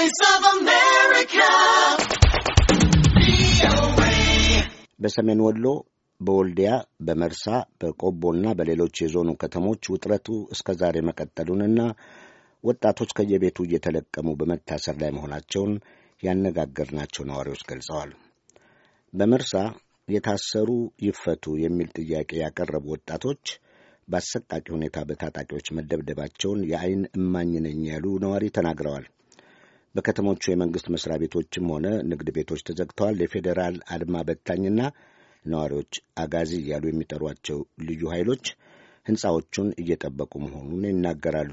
Voice of America. በሰሜን ወሎ በወልዲያ በመርሳ በቆቦና በሌሎች የዞኑ ከተሞች ውጥረቱ እስከ ዛሬ መቀጠሉንና ወጣቶች ከየቤቱ እየተለቀሙ በመታሰር ላይ መሆናቸውን ያነጋገርናቸው ነዋሪዎች ገልጸዋል። በመርሳ የታሰሩ ይፈቱ የሚል ጥያቄ ያቀረቡ ወጣቶች በአሰቃቂ ሁኔታ በታጣቂዎች መደብደባቸውን የአይን እማኝ ነኝ ያሉ ነዋሪ ተናግረዋል። በከተሞቹ የመንግሥት መስሪያ ቤቶችም ሆነ ንግድ ቤቶች ተዘግተዋል። የፌዴራል አድማ በታኝና ነዋሪዎች አጋዚ እያሉ የሚጠሯቸው ልዩ ኃይሎች ሕንፃዎቹን እየጠበቁ መሆኑን ይናገራሉ።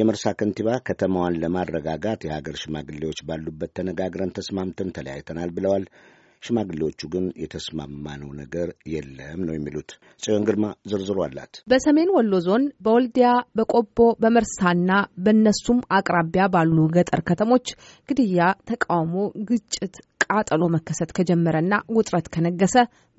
የመርሳ ከንቲባ ከተማዋን ለማረጋጋት የሀገር ሽማግሌዎች ባሉበት ተነጋግረን ተስማምተን ተለያይተናል ብለዋል። ሽማግሌዎቹ ግን የተስማማነው ነገር የለም ነው የሚሉት። ጽዮን ግርማ ዝርዝሩ አላት። በሰሜን ወሎ ዞን በወልዲያ በቆቦ በመርሳና በነሱም አቅራቢያ ባሉ ገጠር ከተሞች ግድያ፣ ተቃውሞ፣ ግጭት ቃጠሎ መከሰት ከጀመረና ውጥረት ከነገሰ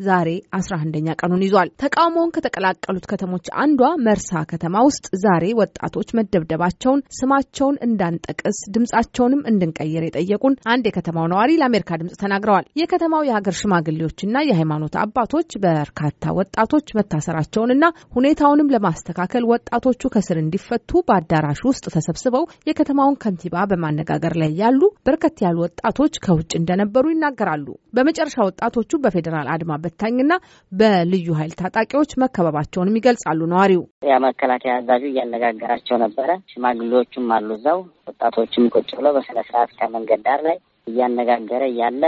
ዛሬ 11ኛ ቀኑን ይዟል። ተቃውሞውን ከተቀላቀሉት ከተሞች አንዷ መርሳ ከተማ ውስጥ ዛሬ ወጣቶች መደብደባቸውን፣ ስማቸውን እንዳንጠቅስ ድምጻቸውንም እንድንቀይር የጠየቁን አንድ የከተማው ነዋሪ ለአሜሪካ ድምጽ ተናግረዋል። የከተማው የሀገር ሽማግሌዎችና የሃይማኖት አባቶች በርካታ ወጣቶች መታሰራቸውንና ሁኔታውንም ለማስተካከል ወጣቶቹ ከስር እንዲፈቱ በአዳራሽ ውስጥ ተሰብስበው የከተማውን ከንቲባ በማነጋገር ላይ ያሉ በርከት ያሉ ወጣቶች ከውጭ እንደነበ እንደነበሩ ይናገራሉ። በመጨረሻ ወጣቶቹ በፌዴራል አድማ በታኝና በልዩ ኃይል ታጣቂዎች መከበባቸውንም ይገልጻሉ። ነዋሪው ያ መከላከያ አዛዡ እያነጋገራቸው ነበረ። ሽማግሌዎቹም አሉ እዛው፣ ወጣቶችም ቁጭ ብለው በስነ ስርዓት ከመንገድ ዳር ላይ እያነጋገረ እያለ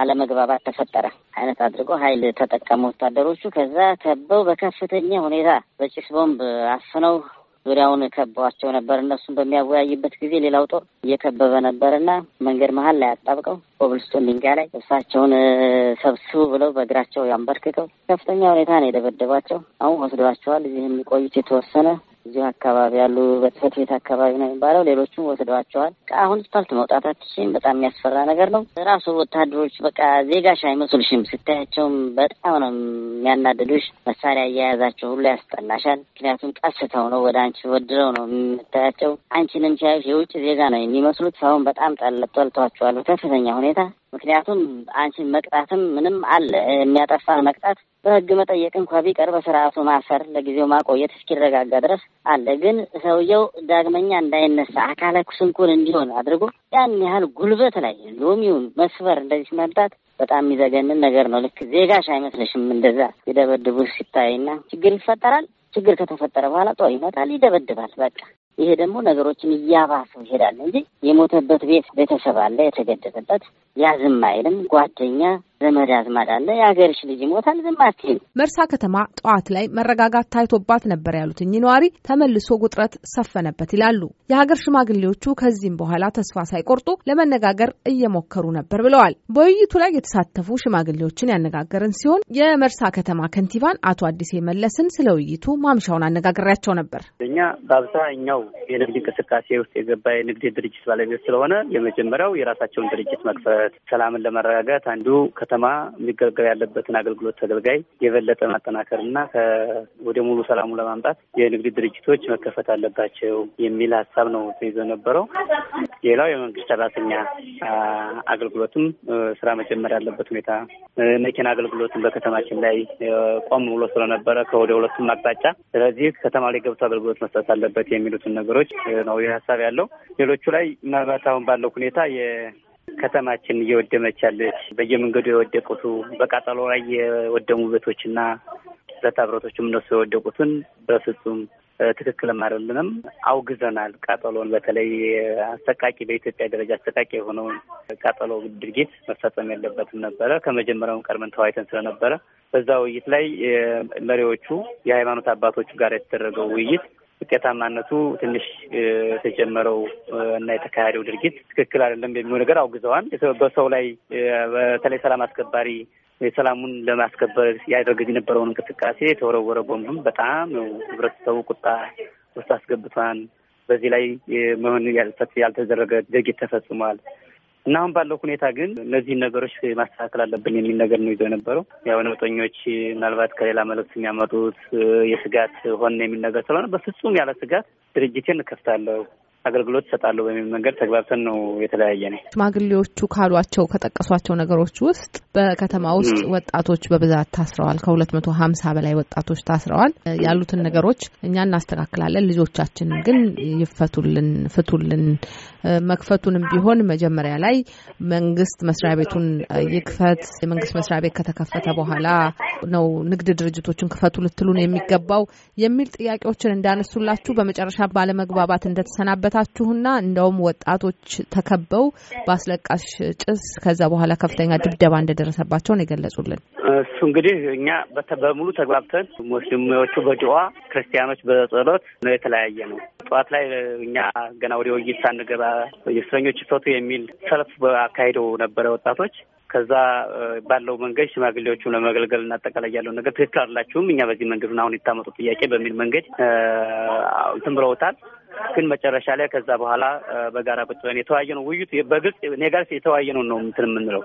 አለመግባባት ተፈጠረ አይነት አድርጎ ኃይል ተጠቀሙ ወታደሮቹ። ከዛ ከበው በከፍተኛ ሁኔታ በጭስ ቦምብ አፍነው ዙሪያውን ከበዋቸው ነበር። እነሱን በሚያወያይበት ጊዜ ሌላው ጦር እየከበበ ነበርና መንገድ መሀል ላይ አጣብቀው ኮብልስቶን ድንጋይ ላይ እሳቸውን ሰብስቡ ብለው በእግራቸው ያንበርክከው ከፍተኛ ሁኔታ ነው የደበደባቸው። አሁን ወስደዋቸዋል። እዚህ የሚቆዩት የተወሰነ እዚህ አካባቢ ያሉ በጽህፈት ቤት አካባቢ ነው የሚባለው። ሌሎችም ወስደዋቸዋል። አሁን ስፓልት መውጣታችን በጣም የሚያስፈራ ነገር ነው። ራሱ ወታደሮች በቃ ዜጋሽ አይመስሉሽም። ስታያቸውም በጣም ነው የሚያናድዱሽ። መሳሪያ እያያዛቸው ሁሉ ያስጠላሻል። ምክንያቱም ቀስተው ነው ወደ አንቺ ወድረው ነው የምታያቸው። አንቺንም ሲያዩሽ የውጭ ዜጋ ነው የሚመስሉት። ሰውን በጣም ጠልተዋቸዋል በከፍተኛ ሁኔታ። ምክንያቱም አንቺን መቅጣትም ምንም አለ የሚያጠፋ መቅጣት በህግ መጠየቅ እንኳ ቢቀር በስርዓቱ ማሰር ለጊዜው ማቆየት እስኪረጋጋ ድረስ አለ። ግን ሰውየው ዳግመኛ እንዳይነሳ አካለ ስንኩል እንዲሆን አድርጎ ያን ያህል ጉልበት ላይ ሎሚውን መስበር እንደዚህ መምጣት በጣም የሚዘገንን ነገር ነው። ልክ ዜጋሽ አይመስልሽም? እንደዛ የደበድቡ ሲታይና ችግር ይፈጠራል። ችግር ከተፈጠረ በኋላ ጦር ይመጣል፣ ይደበድባል። በቃ ይሄ ደግሞ ነገሮችን እያባሰው ይሄዳል እንጂ የሞተበት ቤት ቤተሰብ አለ የተገደለበት ያዝም አይልም ጓደኛ ዘመድ አዝማድ አለ። የሀገርሽ ልጅ ይሞታል፣ ዝም አትይም። መርሳ ከተማ ጠዋት ላይ መረጋጋት ታይቶባት ነበር ያሉት እኚህ ነዋሪ ተመልሶ ውጥረት ሰፈነበት ይላሉ። የሀገር ሽማግሌዎቹ ከዚህም በኋላ ተስፋ ሳይቆርጡ ለመነጋገር እየሞከሩ ነበር ብለዋል። በውይይቱ ላይ የተሳተፉ ሽማግሌዎችን ያነጋገርን ሲሆን የመርሳ ከተማ ከንቲባን አቶ አዲስ መለስን ስለ ውይይቱ ማምሻውን አነጋግሬያቸው ነበር። እኛ በአብዛኛው የንግድ እንቅስቃሴ ውስጥ የገባ የንግድ ድርጅት ባለቤት ስለሆነ የመጀመሪያው የራሳቸውን ድርጅት መክፈት ሰላምን ለመረጋጋት አንዱ ከተ ከተማ የሚገለገል ያለበትን አገልግሎት ተገልጋይ የበለጠ ማጠናከር እና ወደ ሙሉ ሰላሙ ለማምጣት የንግድ ድርጅቶች መከፈት አለባቸው የሚል ሀሳብ ነው ተይዞ ነበረው። ሌላው የመንግስት ሰራተኛ አገልግሎትም ስራ መጀመር ያለበት ሁኔታ፣ መኪና አገልግሎትም በከተማችን ላይ ቆም ብሎ ስለነበረ ከወደ ሁለቱም አቅጣጫ፣ ስለዚህ ከተማ ላይ ገብቶ አገልግሎት መስጠት አለበት የሚሉትን ነገሮች ነው ይህ ሀሳብ ያለው። ሌሎቹ ላይ ምናልባት አሁን ባለው ሁኔታ ከተማችን እየወደመች ያለች በየመንገዱ የወደቁቱ በቃጠሎ ላይ የወደሙ ቤቶችና ብረታ ብረቶችም እነሱ የወደቁትን በፍጹም ትክክልም አይደለንም። አውግዘናል። ቃጠሎን በተለይ አሰቃቂ በኢትዮጵያ ደረጃ አሰቃቂ የሆነውን ቃጠሎ ድርጊት መፈጸም የለበትም ነበረ። ከመጀመሪያውም ቀድመን ተዋይተን ስለነበረ በዛ ውይይት ላይ መሪዎቹ የሃይማኖት አባቶቹ ጋር የተደረገው ውይይት ውጤታማነቱ ትንሽ የተጀመረው እና የተካሄደው ድርጊት ትክክል አይደለም የሚሆን ነገር አውግዘዋል። በሰው ላይ በተለይ ሰላም አስከባሪ ሰላሙን ለማስከበር ያደረገ የነበረውን እንቅስቃሴ የተወረወረ ቦምብም በጣም ህብረተሰቡ ቁጣ ውስጥ አስገብቷን። በዚህ ላይ መሆን ያልተደረገ ድርጊት ተፈጽሟል። እና አሁን ባለው ሁኔታ ግን እነዚህን ነገሮች ማስተካከል አለብን የሚል ነገር ነው ይዞ የነበረው። ያው ነውጠኞች ምናልባት ከሌላ መልእክት የሚያመጡት የስጋት ሆነ የሚል ነገር ስለሆነ በፍጹም ያለ ስጋት ድርጅቴን እከፍታለሁ አገልግሎት ይሰጣሉ በሚል መንገድ ተግባብተን ነው የተለያየ ነ ሽማግሌዎቹ ካሏቸው ከጠቀሷቸው ነገሮች ውስጥ በከተማ ውስጥ ወጣቶች በብዛት ታስረዋል። ከሁለት መቶ ሀምሳ በላይ ወጣቶች ታስረዋል። ያሉትን ነገሮች እኛ እናስተካክላለን፣ ልጆቻችን ግን ይፈቱልን፣ ፍቱልን። መክፈቱንም ቢሆን መጀመሪያ ላይ መንግስት መስሪያ ቤቱን ይክፈት። የመንግስት መስሪያ ቤት ከተከፈተ በኋላ ነው ንግድ ድርጅቶችን ክፈቱ ልትሉን የሚገባው የሚል ጥያቄዎችን እንዳነሱላችሁ በመጨረሻ ባለመግባባት እንደተሰናበት ጥቃታችሁና እንደውም ወጣቶች ተከበው በአስለቃሽ ጭስ ከዛ በኋላ ከፍተኛ ድብደባ እንደደረሰባቸውን የገለጹልን እሱ እንግዲህ እኛ በሙሉ ተግባብተን ሙስሊሞቹ በድዋ ክርስቲያኖች በጸሎት ነው የተለያየ ነው። ጠዋት ላይ እኛ ገና ወደ ውይይት ሳንገባ የእስረኞች ይፈቱ የሚል ሰልፍ አካሂደው ነበረ ወጣቶች። ከዛ ባለው መንገድ ሽማግሌዎቹ ለመገልገል እና ያለው ነገር ትክክል አላችሁም፣ እኛ በዚህ መንገዱን አሁን የታመጡ ጥያቄ በሚል መንገድ እንትን ብለውታል። ግን መጨረሻ ላይ ከዛ በኋላ በጋራ ቁጭ ብለን የተወያየ ነው ውይይቱ በግልጽ እኔ ጋር የተወያየ ነው ነው እንትን የምንለው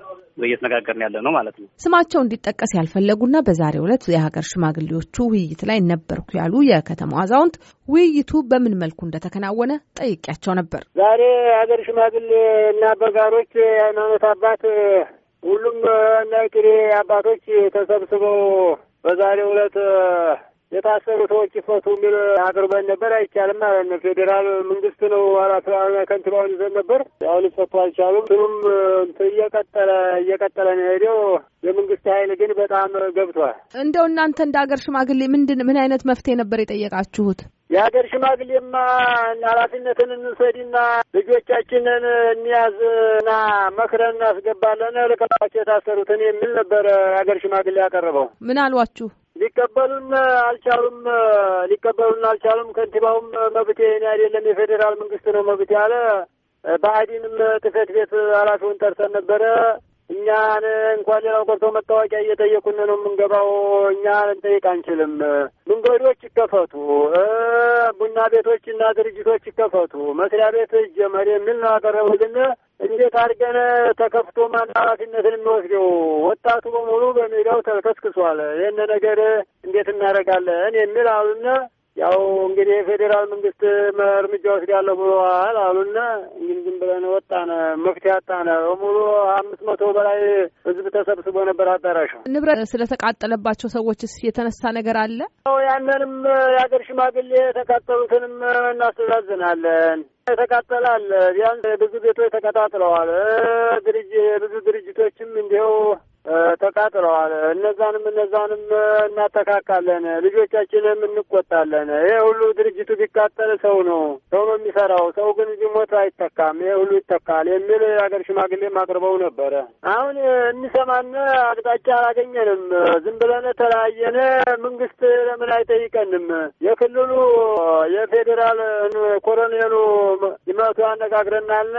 እየተነጋገርን ያለ ነው ማለት ነው። ስማቸው እንዲጠቀስ ያልፈለጉና በዛሬው ዕለት የሀገር ሽማግሌዎቹ ውይይት ላይ ነበርኩ ያሉ የከተማው አዛውንት ውይይቱ በምን መልኩ እንደተከናወነ ጠይቄያቸው ነበር። ዛሬ የሀገር ሽማግሌ እና በጋሮች የሃይማኖት አባት ሁሉም እና ቅሬ አባቶች ተሰብስበው በዛሬው ዕለት የታሰሩ ሰዎች ይፈቱ የሚል አቅርበን ነበር። አይቻልም ማለት ነው። ፌዴራል መንግስት ነው አራት ከንትባውን ይዘን ነበር። አሁን ይፈቱ አልቻሉም። ትሩም እየቀጠለ እየቀጠለ ነው ሄደው። የመንግስት ኃይል ግን በጣም ገብቷል። እንደው እናንተ እንደ ሀገር ሽማግሌ ምንድን ምን አይነት መፍትሄ ነበር የጠየቃችሁት? የሀገር ሽማግሌማ ኃላፊነትን እንውሰድና ልጆቻችንን እንያዝና መክረን እናስገባለን ልቀቋቸው የታሰሩትን የሚል ነበር የሀገር ሽማግሌ ያቀረበው። ምን አሏችሁ? ሊቀበሉን አልቻሉም። ሊቀበሉን አልቻሉም። ከንቲባውም መብቴ እኔ አይደለም የፌዴራል መንግስት ነው መብቴ አለ። በአይዲንም ጥፈት ቤት ኃላፊውን ጠርተን ነበረ። እኛ እንኳን ሌላው ቀርቶ መታወቂያ እየጠየቁን ነው የምንገባው። እኛ ልንጠይቅ አንችልም። መንገዶች ይከፈቱ፣ ቡና ቤቶች እና ድርጅቶች ይከፈቱ፣ መስሪያ ቤት ይጀመር የሚል ነው ያቀረቡልን። እንዴት አድርገን ተከፍቶ ማን ኃላፊነትን የሚወስደው? ወጣቱ በሙሉ በሜዳው ተከስክሷል ይህን ነገር እንዴት እናደርጋለን የሚል አሉና ያው እንግዲህ የፌዴራል መንግስት እርምጃ ወስዳለሁ ብለዋል አሉና እንግዲህ ዝም ብለን ወጣን። መፍትሄ አጣን። በሙሉ አምስት መቶ በላይ ህዝብ ተሰብስቦ ነበር አዳራሹ። ንብረት ስለተቃጠለባቸው ሰዎችስ የተነሳ ነገር አለ? ያንንም የሀገር ሽማግሌ የተቃጠሉትንም እናስተዛዝናለን ተቃጠላል። ቢያንስ ብዙ ቤቶች ተቀጣጥለዋል። ድርጅ ብዙ ድርጅቶችም እንዲሁ ተቃጥለዋል። እነዛንም እነዛንም እናተካካለን፣ ልጆቻችንም እንቆጣለን። ይሄ ሁሉ ድርጅቱ ቢቃጠል ሰው ነው ሰው ነው የሚሰራው ሰው ግን ቢሞት አይተካም፣ ይሄ ሁሉ ይተካል የሚል የሀገር ሽማግሌም አቅርበው ነበረ። አሁን የሚሰማን አቅጣጫ አላገኘንም። ዝም ብለን ተለያየን። መንግስት ለምን አይጠይቀንም? የክልሉ የፌዴራል ኮሎኔሉ ይመቱ አነጋግረናል።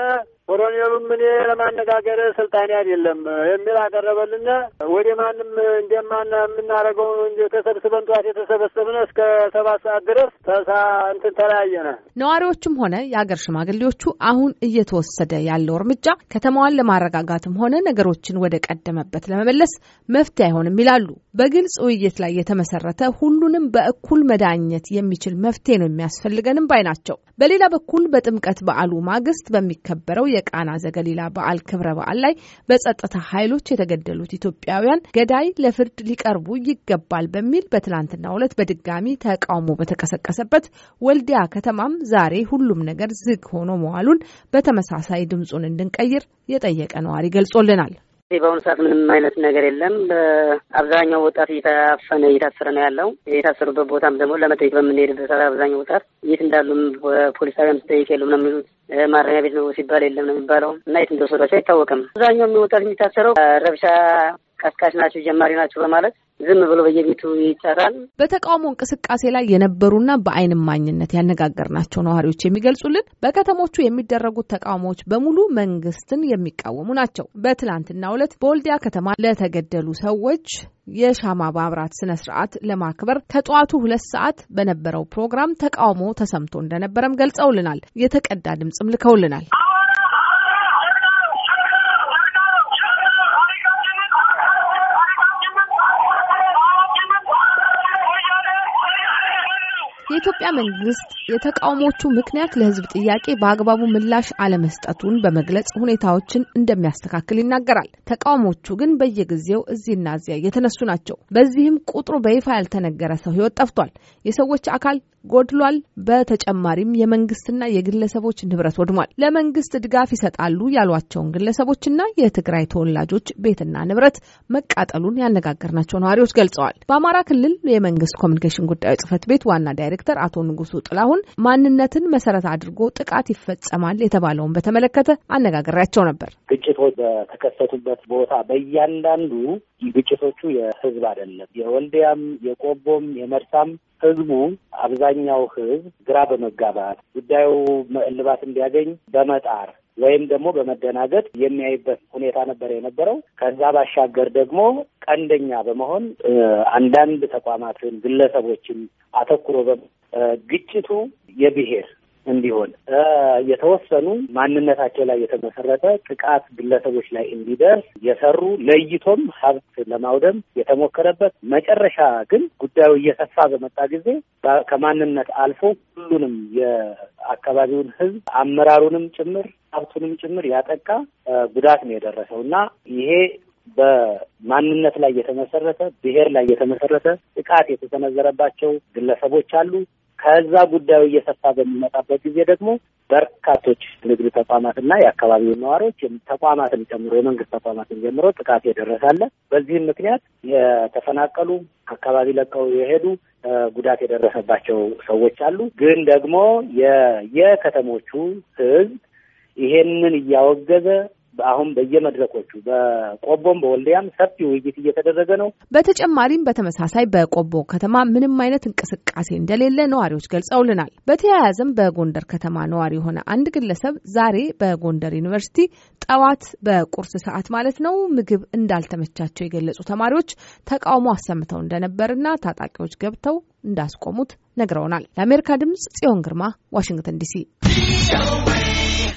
ኮሎኔሉም እኔ ለማነጋገር ስልጣኔ አይደለም የሚል አቀረበልን። ወደ ማንም እንደማን የምናደርገው ተሰብስበን ጠዋት የተሰበሰብን እስከ ሰባት ሰዓት ድረስ ተሳ እንትን ተለያየነ። ነዋሪዎቹም ሆነ የአገር ሽማግሌዎቹ አሁን እየተወሰደ ያለው እርምጃ ከተማዋን ለማረጋጋትም ሆነ ነገሮችን ወደ ቀደመበት ለመመለስ መፍትሄ አይሆንም ይላሉ። በግልጽ ውይይት ላይ የተመሰረተ ሁሉንም በእኩል መዳኘት የሚችል መፍትሄ ነው የሚያስፈልገንም ባይ ናቸው። በሌላ በኩል በጥምቀት በዓሉ ማግስት በሚከበረው የቃና ዘገሊላ በዓል ክብረ በዓል ላይ በጸጥታ ኃይሎች የተገደሉት ኢትዮጵያውያን ገዳይ ለፍርድ ሊቀርቡ ይገባል በሚል በትናንትናው ዕለት በድጋሚ ተቃውሞ በተቀሰቀሰበት ወልዲያ ከተማም ዛሬ ሁሉም ነገር ዝግ ሆኖ መዋሉን በተመሳሳይ ድምፁን እንድንቀይር የጠየቀ ነዋሪ ገልጾልናል። በአሁኑ ሰዓት ምንም አይነት ነገር የለም። በአብዛኛው ወጣት እየታፈነ እየታሰረ ነው ያለው። የታሰሩበት ቦታም ደግሞ ለመጠየቅ በምንሄድበት አብዛኛው ወጣት የት እንዳሉም ፖሊስ ጣቢያም ስጠይቅ የሉም ነው የሚሉት። ማረሚያ ቤት ነው ሲባል የለም ነው የሚባለው እና የት እንደወሰዷቸው አይታወቅም። አብዛኛው ወጣት የሚታሰረው ረብሻ ቀስቃሽ ናቸው፣ ጀማሪ ናቸው በማለት ዝም ብሎ በየቤቱ ይሰራል። በተቃውሞ እንቅስቃሴ ላይ የነበሩና በአይን ማኝነት ያነጋገርናቸው ነዋሪዎች የሚገልጹልን በከተሞቹ የሚደረጉት ተቃውሞዎች በሙሉ መንግስትን የሚቃወሙ ናቸው። በትላንትናው ዕለት በወልዲያ ከተማ ለተገደሉ ሰዎች የሻማ ማብራት ስነ ስርዓት ለማክበር ከጠዋቱ ሁለት ሰዓት በነበረው ፕሮግራም ተቃውሞ ተሰምቶ እንደነበረም ገልጸውልናል። የተቀዳ ድምጽም ልከውልናል። የኢትዮጵያ መንግስት የተቃውሞቹ ምክንያት ለህዝብ ጥያቄ በአግባቡ ምላሽ አለመስጠቱን በመግለጽ ሁኔታዎችን እንደሚያስተካክል ይናገራል። ተቃውሞቹ ግን በየጊዜው እዚህና እዚያ እየተነሱ ናቸው። በዚህም ቁጥሩ በይፋ ያልተነገረ ሰው ህይወት ጠፍቷል። የሰዎች አካል ጎድሏል። በተጨማሪም የመንግስትና የግለሰቦች ንብረት ወድሟል። ለመንግስት ድጋፍ ይሰጣሉ ያሏቸውን ግለሰቦችና የትግራይ ተወላጆች ቤትና ንብረት መቃጠሉን ያነጋገርናቸው ነዋሪዎች ገልጸዋል። በአማራ ክልል የመንግስት ኮሚኒኬሽን ጉዳዮች ጽህፈት ቤት ዋና ዳይሬክተር አቶ ንጉሱ ጥላሁን ማንነትን መሰረት አድርጎ ጥቃት ይፈጸማል የተባለውን በተመለከተ አነጋግሬያቸው ነበር። ግጭቶች በተከሰቱበት ቦታ በእያንዳንዱ ግጭቶቹ የህዝብ አይደለም። የወልዲያም የቆቦም የመርሳም ህዝቡ አብዛኛው ህዝብ ግራ በመጋባት ጉዳዩ እልባት እንዲያገኝ በመጣር ወይም ደግሞ በመደናገጥ የሚያይበት ሁኔታ ነበር የነበረው። ከዛ ባሻገር ደግሞ ቀንደኛ በመሆን አንዳንድ ተቋማትን ግለሰቦችን አተኩሮ ግጭቱ የብሄር። እንዲሆን የተወሰኑ ማንነታቸው ላይ የተመሰረተ ጥቃት ግለሰቦች ላይ እንዲደርስ የሰሩ ለይቶም ሀብት ለማውደም የተሞከረበት መጨረሻ ግን ጉዳዩ እየሰፋ በመጣ ጊዜ ከማንነት አልፎ ሁሉንም የአካባቢውን ሕዝብ አመራሩንም ጭምር ሀብቱንም ጭምር ያጠቃ ጉዳት ነው የደረሰው እና ይሄ በማንነት ላይ የተመሰረተ ብሔር ላይ የተመሰረተ ጥቃት የተሰነዘረባቸው ግለሰቦች አሉ። ከዛ ጉዳዩ እየሰፋ በሚመጣበት ጊዜ ደግሞ በርካቶች ንግድ ተቋማትና የአካባቢው ነዋሪዎች ተቋማትን ጨምሮ የመንግስት ተቋማትን ጀምሮ ጥቃት የደረሳለ በዚህም ምክንያት የተፈናቀሉ አካባቢ ለቀው የሄዱ ጉዳት የደረሰባቸው ሰዎች አሉ። ግን ደግሞ የየከተሞቹ ህዝብ ይሄንን እያወገዘ አሁን በየመድረኮቹ በቆቦም በወልዲያም ሰፊ ውይይት እየተደረገ ነው። በተጨማሪም በተመሳሳይ በቆቦ ከተማ ምንም አይነት እንቅስቃሴ እንደሌለ ነዋሪዎች ገልጸውልናል። በተያያዘም በጎንደር ከተማ ነዋሪ የሆነ አንድ ግለሰብ ዛሬ በጎንደር ዩኒቨርሲቲ ጠዋት በቁርስ ሰዓት ማለት ነው ምግብ እንዳልተመቻቸው የገለጹ ተማሪዎች ተቃውሞ አሰምተው እንደነበርና ታጣቂዎች ገብተው እንዳስቆሙት ነግረውናል። ለአሜሪካ ድምጽ ጽዮን ግርማ ዋሽንግተን ዲሲ